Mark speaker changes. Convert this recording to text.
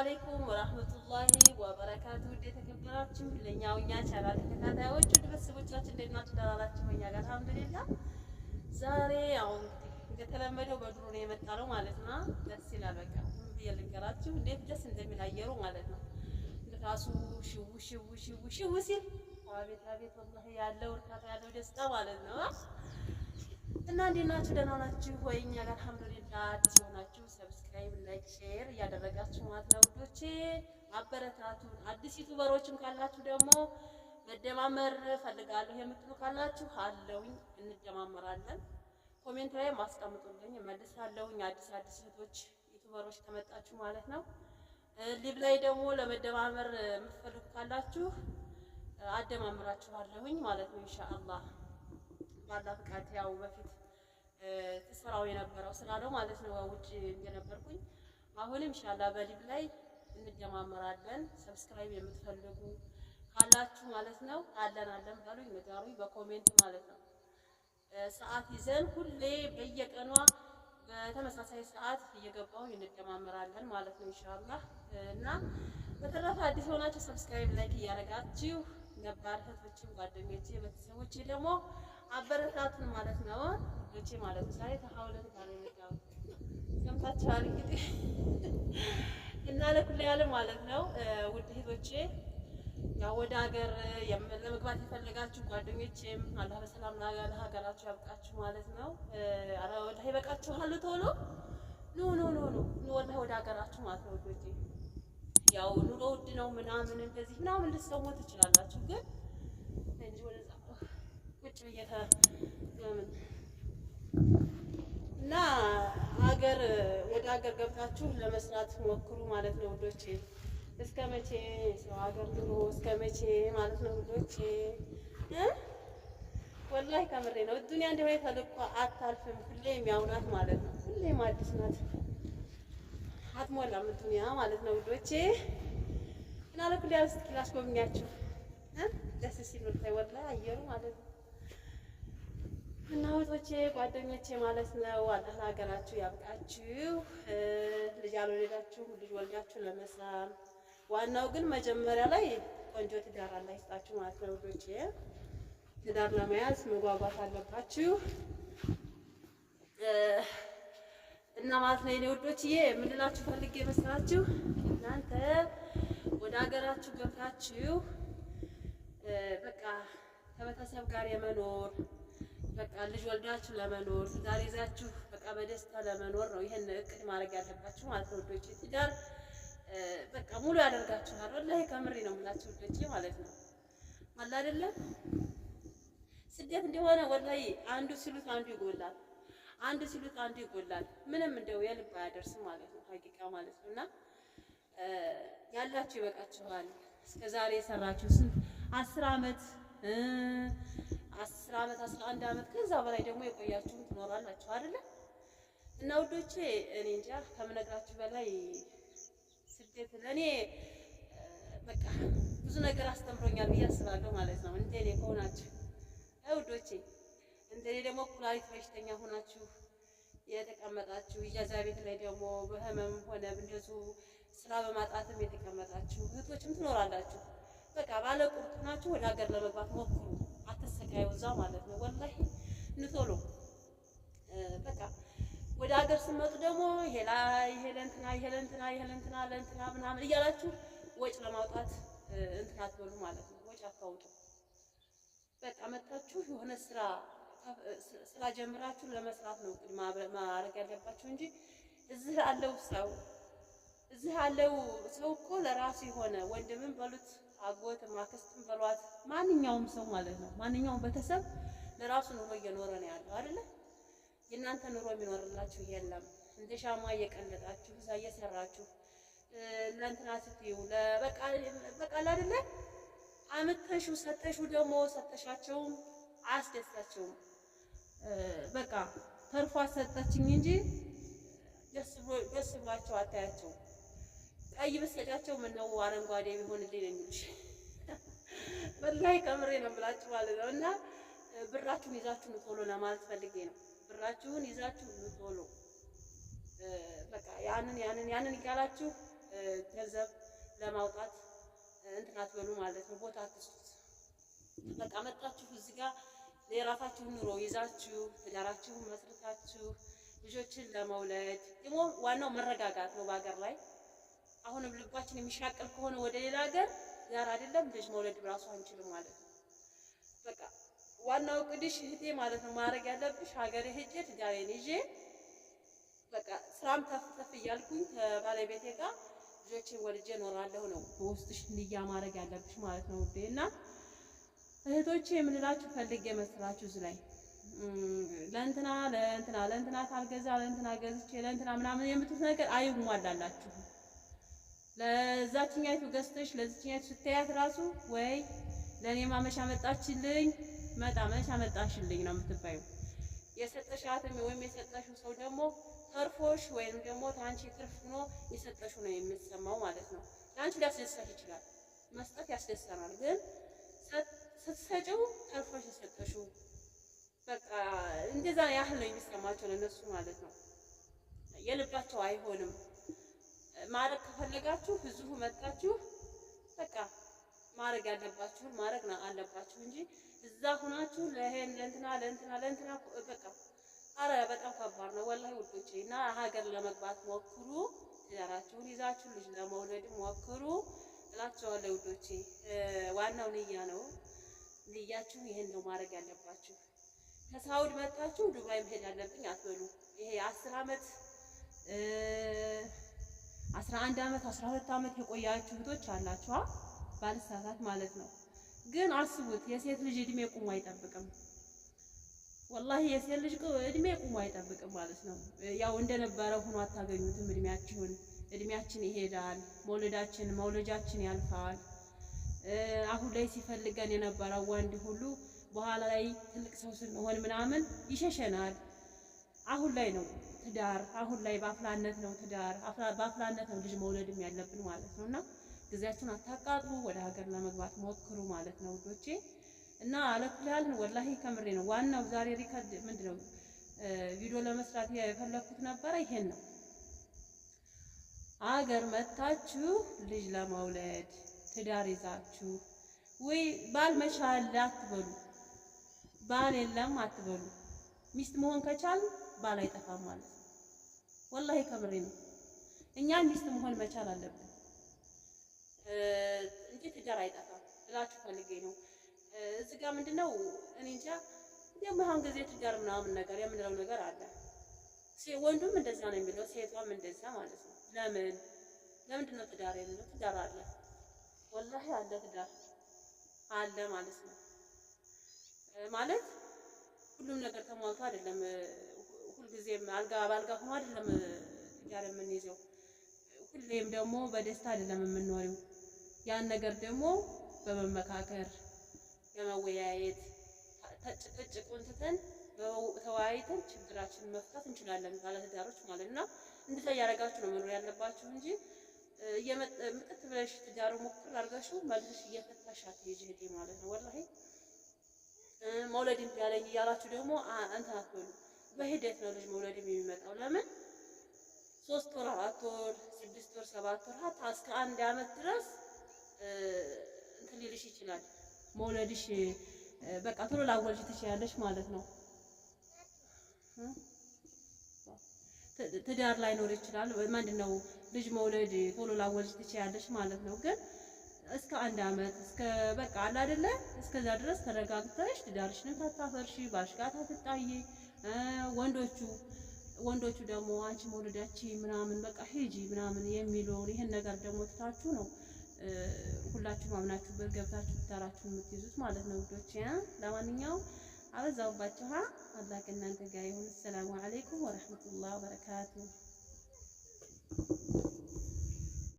Speaker 1: አሌይኩም ወራህመቱላሂ ወበረካቱ። ውድ የተከበራችሁ ለእኛው እኛ ቻናል ተከታታዮች ውድ ቤተሰቦቻችን እንዴት ናችሁ? ደህና ናችሁ? እኛ ጋር አልሐምዱሊላህ። ዛሬ ያው እንደተለመደው በድሮ ነው የመጣ ነው ማለት ነው። ደስ ይላል። በቃ ምን ብዬ ልንገራችሁ እንዴት ደስ እንደሚል አየሩ ማለት ነው። ራሱ ሽው ሽው ሽው ሽው ሲል አቤት አቤት፣ ወላሂ ያለው እርካታ ያለው ደስታ ማለት ነው። እና እንዴት ናችሁ? ደህና ናችሁ ወይ? እኛ ጋር አልሐምዱሊላህ ሰብስክራይብ፣ ላይክ፣ ሼር እያደረጋችሁ ማለት ነው ውዶቼ፣ አበረታቱን። አዲስ ዩቱበሮችም ካላችሁ ደግሞ መደማመር ፈልጋለሁ የምትሉ ካላችሁ አለውኝ፣ እንደማመራለን። ኮሜንት ላይ ማስቀምጡልኝ መልሳለሁኝ። አዲስ አዲስ እህቶች ዩቱበሮች ከመጣችሁ ማለት ነው። ሊብ ላይ ደግሞ ለመደማመር የምትፈልጉ ካላችሁ አደማምራችኋለሁኝ ማለት ነው። ኢንሻአላህ ባላ ፍቃድ ያው በፊት ስራው የነበረው ስላለው ነው ማለት ነው። ውጭ እንደነበርኩኝ አሁንም ኢንሻአላህ በሊብ ላይ እንጀማመራለን። ሰብስክራይብ የምትፈልጉ ካላችሁ ማለት ነው አለን አለን በሉኝ፣ ንገሩኝ በኮሜንት ማለት ነው። ሰዓት ይዘን ሁሌ በየቀኗ በተመሳሳይ ሰዓት እየገባው እንጀማመራለን ማለት ነው ኢንሻአላህ። እና በተረፈ አዲስ የሆናችሁ ሰብስክራይብ ላይክ እያደረጋችሁ ነባር እህቶችም ጓደኞቼ፣ ቤተሰቦቼ ደግሞ አበረታቱን ማለት ነው። ልጅ ማለት ነው። ዛሬ ተሐውለት ጋር ነው የሚጫወት ሰምታችኋል። እንግዲህ እና ለኩል ያለ ማለት ነው። ውድ እህቶቼ ያው ወደ ሀገር ለመግባት የፈለጋችሁ ጓደኞቼም አላህ በሰላም ለሀገራችሁ ያብቃችሁ ማለት ነው። አረ ወላሂ ይበቃችኋል። ቶሎ ኖ ኖ ኖ ኑ ወላሂ ወደ ሀገራችሁ ማለት ነው ውዶቼ። ያው ኑሮ ውድ ነው ምናምን እንደዚህ ምናምን ልትሰሙ ትችላላችሁ፣ ግን እንጂ ወደ ቁጭ ብዬ እና ሀገር ወደ ሀገር ገብታችሁ ለመስራት ሞክሩ ማለት ነው ውዶቼ። እስከ መቼ ሰው ሀገር ኑሮ እስከ መቼ ማለት ነው ውዶቼ። ወላሂ ከምሬ ነው። ዱንያ እንደ ወይ ተልኳ አታልፍም። ሁሌ የሚያውናት ማለት ነው። ሁሌም አዲስ ናት፣ አትሞላም ዱንያ ማለት ነው ውዶቼ። እና ለኩል ያስ ክላስ ጎብኛችሁ ደስ ሲል ወላሂ አየሩ ማለት ነው እና እህቶቼ ጓደኞቼ ማለት ነው አላህ ሀገራችሁ ያብቃችሁ። ልጅ አልወለዳችሁ ልጅ ወልዳችሁ ለመስራት ዋናው ግን መጀመሪያ ላይ ቆንጆ ትዳር አላህ ይስጣችሁ ማለት ነው እህቶቼ። ትዳር ለመያዝ መጓጓት አለባችሁ እና ማለት ነው የኔ ውዶችዬ የምንላችሁ ፈልጌ መስላችሁ እናንተ ወደ ሀገራችሁ ገብታችሁ በቃ ከቤተሰብ ጋር የመኖር በቃ ልጅ ወልዳችሁ ለመኖር ትዳር ይዛችሁ በቃ በደስታ ለመኖር ነው ይህን እቅድ ማድረግ ያለባችሁ ማለት ነው። ወዶች ትዳር በቃ ሙሉ ያደርጋችኋል። ወላሂ ከምሬ ነው የምላችሁ ወዶች ማለት ነው አለ አይደለም። ስደት እንደሆነ ወላሂ አንዱ ሲሉት አንዱ ይጎላል፣ አንዱ ሲሉት አንዱ ይጎላል። ምንም እንደው የልብ አያደርስም ማለት ነው ሀቂቃ ማለት ነው። እና ያላችሁ ይበቃችኋል። እስከዛሬ የሰራችሁ ስንት አስር አመት አስር ዓመት አስራ አንድ ዓመት ከዛ በላይ ደግሞ የቆያችሁም ትኖራላችሁ አይደለ? እና ውዶቼ እኔ እንጃ ከምነግራችሁ በላይ ስደት ለእኔ በቃ ብዙ ነገር አስተምሮኛል ብዬ አስባለሁ ማለት ነው። እንደኔ ከሆናችሁ ውዶቼ፣ እንደኔ ደግሞ ኩላሊት በሽተኛ ሆናችሁ የተቀመጣችሁ ኢጃዛ ቤት ላይ ደግሞ በህመም ሆነ እንደዚሁ ስራ በማጣትም የተቀመጣችሁ እህቶችም ትኖራላችሁ። በቃ ባለ ቁርጥ ወደ ሀገር ለመግባት ሞክሩ። ጉዳዩ እዛ ማለት ነው። ወላሂ ንቶሎ በቃ ወደ ሀገር ስመጡ ደግሞ ሄላ ይሄ ለእንትና ይሄ ለእንትና ይሄ ለእንትና ለእንትና ምናምን እያላችሁ ወጭ ለማውጣት እንትና አትበሉ ማለት ነው። ወጭ አታውጡ። በቃ መጣችሁ የሆነ ስራ ስራ ጀምራችሁ ለመስራት ነው ማድረግ ያለባችሁ እንጂ እዚህ አለው ሰው እዚህ አለው ሰው እኮ ለራሱ የሆነ ወንድምን በሉት አጎት ማክስትም በሏት ማንኛውም ሰው ማለት ነው። ማንኛውም ቤተሰብ ለራሱ ኑሮ እየኖረ ነው ያለው አይደለ? የእናንተ ኑሮ የሚኖርላችሁ የለም። እንደ ሻማ እየቀለጣችሁ እዛ እየሰራችሁ ለእንትና ስትዩ በቃል አይደለ? አምተሹ ሰጠሹ ደግሞ ሰጠሻቸውም አያስደስታቸውም። በቃ ተርፏ ሰጠችኝ እንጂ ደስ ብሏቸው አታያቸውም። ቀይ ምን ነው አረንጓዴ ቢሆንልኝ ነው እንጂ በላይ ከምሬ ነው የምላችሁ ማለት ነው። እና ብራችሁን ይዛችሁ ቶሎ ለማለት ፈልጌ ነው። ብራችሁን ይዛችሁ ቶሎ በቃ ያንን ያንን ያንን እያላችሁ ገንዘብ ለማውጣት እንትን አትበሉ ማለት ነው። ቦታ አትስጡት። በቃ መጣችሁ እዚህ ጋር የራሳችሁን ኑሮ ይዛችሁ ትዳራችሁን መስርታችሁ ልጆችን ለመውለድ ደግሞ ዋናው መረጋጋት ነው በሀገር ላይ አሁንም ልባችን የሚሻቀል ከሆነ ወደ ሌላ ሀገር ያር አይደለም ልጅ መውለድ ራሱ አንችልም ማለት ነው። በቃ ዋናው ቅድሽ እህቴ ማለት ነው ማድረግ ያለብሽ ሀገሬ ሄጄ ትዳሬን ይዤ በቃ ስራም ተፍ ተፍ እያልኩኝ ከባለቤቴ ጋር ልጆቼን ወልጄ እኖራለሁ ነው በውስጥሽ ንያ ማድረግ ያለብሽ ማለት ነው ውዴ። እና እህቶቼ የምንላችሁ ፈልጌ የመሰላችሁ እዚህ ላይ ለእንትና ለእንትና ለእንትና ታልገዛ ለእንትና ገዝቼ ለእንትና ምናምን የምትት ነገር አይሟላላችሁ ለዛችኛይቱ ገዝተሽ ለዚችኛይቱ ስታያት ራሱ ወይ ለእኔ ማመሻ መጣችልኝ መጣ መሻ መጣችልኝ ነው የምትባዩ። የሰጠሻትም ወይም የሰጠሽው ሰው ደግሞ ተርፎሽ ወይም ደግሞ ታንቺ ትርፍ ሆኖ የሰጠሽው ነው የምትሰማው ማለት ነው። ታንቺ ሊያስደሰት ይችላል። መስጠት ያስደሰናል። ግን ስትሰጪው ተርፎሽ የሰጠሽው በቃ እንደዛ ያህል ነው የሚሰማቸው ለነሱ ማለት ነው። የልባቸው አይሆንም። ማድረግ ከፈለጋችሁ ብዙ መጣችሁ በቃ ማድረግ ያለባችሁን ማድረግ አለባችሁ እንጂ እዛ ሁናችሁ ለሄን ለእንትና ለእንትና ለእንትና በቃ አረ በጣም ከባድ ነው ወላሂ ውዶቼ። እና ሀገር ለመግባት ሞክሩ፣ ትዳራችሁን ይዛችሁ ልጅ ለመውለድ ሞክሩ እላቸዋለሁ ውዶቼ። ዋናው ንያ ነው። ንያችሁ ይሄን ነው ማድረግ ያለባችሁ። ከሳውድ መጣችሁ ዱባይ መሄድ ያለብኝ አትበሉ። ይሄ አስር አመት 11 ዓመት 12 ዓመት የቆያችሁ እህቶች አላችኋ ባልሳሳት ማለት ነው። ግን አስቡት የሴት ልጅ እድሜ ቁሙ አይጠብቅም። ወላሂ የሴት ልጅ እድሜ ቁሞ አይጠብቅም ማለት ነው። ያው እንደነበረ ሆኖ አታገኙትም እድሜያችሁን። እድሜያችን ይሄዳል፣ መውለዳችን መውለጃችን ያልፋል። አሁን ላይ ሲፈልገን የነበረው ወንድ ሁሉ በኋላ ላይ ትልቅ ሰው ስንሆን ምናምን ይሸሸናል። አሁን ላይ ነው ትዳር አሁን ላይ በአፍላነት ነው ትዳር በአፍላነት ነው ልጅ መውለድም ያለብን ማለት ነው። እና ጊዜያችሁን አታቃጥሉ፣ ወደ ሀገር ለመግባት ሞክሩ ማለት ነው ውዶቼ። እና አለኩላልን ወላሂ ከምሬ ነው። ዋናው ዛሬ ሪከርድ ምንድን ነው ቪዲዮ ለመስራት የፈለኩት ነበረ ይሄን ነው። አገር መታችሁ ልጅ ለመውለድ ትዳር ይዛችሁ ወይ ባል መቻል አትበሉ፣ ባል የለም አትበሉ። ሚስት መሆን ከቻል ባል አይጠፋም ማለት ነው። ወላሂ ከምሬ ነው። እኛ ሚስት መሆን መቻል አለብን እንጂ ትዳር አይጠፋም ብላችሁ ፈልጌ ነው። እዚህ ጋር ምንድነው እኔ እንጃ የመሃን ጊዜ ትዳር ምናምን ነገር የምንለው ነገር አለ። ወንዱም እንደዛ ነው የሚለው ሴቷም እንደዛ ማለት ነው። ለምን ለምንድን ነው ትዳር የምንለው? ትዳር አለ ወላሂ አለ፣ ትዳር አለ ማለት ነው። ማለት ሁሉም ነገር ተሟልቶ አይደለም ሁልጊዜም አልጋ በአልጋ ሆኖ አይደለም ትዳር የምንይዘው። ሁሌም ደግሞ በደስታ አይደለም የምንኖሪው። ያን ነገር ደግሞ በመመካከር በመወያየት ተጭ ቁንትተን ተወያይተን ችግራችንን መፍታት እንችላለን። ባለትዳሮች ማለት እና እንድታ እያደረጋችሁ ነው መኖር ያለባችሁ እንጂ ምጥት ብለሽ ትዳሩ ሞክር አድርጋችሁ መልሰሽ እየፈታሽ አትሄጂ ማለት ነው። ወላሂ መውለድ ያለኝ እያላችሁ ደግሞ እንትን አትበሉ። በሂደት ነው ልጅ መውለድ የሚመጣው። ለምን ሶስት ወር፣ አራት ወር፣ ስድስት ወር፣ ሰባት ወር እስከ አንድ አመት ድረስ እንትን ሊልሽ ይችላል። መውለድሽ በቃ ቶሎ ላወልጅ ትችያለሽ ማለት ነው። ትዳር ላይኖር ይችላል። ምንድን ነው ልጅ መውለድ ቶሎ ላወልጅ ትችያለሽ ማለት ነው። ግን እስከ አንድ አመት እስከ በቃ አለ አይደለ፣ እስከዛ ድረስ ተረጋግተሽ ትዳርሽንም ታታፈርሺ ባሽጋ ታትጣዬ ወንዶቹ ወንዶቹ ደግሞ አንቺ መውለዳች ምናምን በቃ ሂጂ ምናምን የሚለውን ይህን ነገር ደግሞ ትታችሁ ነው ሁላችሁም አምናችሁ ገብታችሁ ትዳራችሁ የምትይዙት ማለት ነው ውዶች። ለማንኛውም አበዛውባችኋ። አላህ ከእናንተ ጋር ይሁን። ሰላሙ አለይኩም ወረህመቱላህ በረካቱ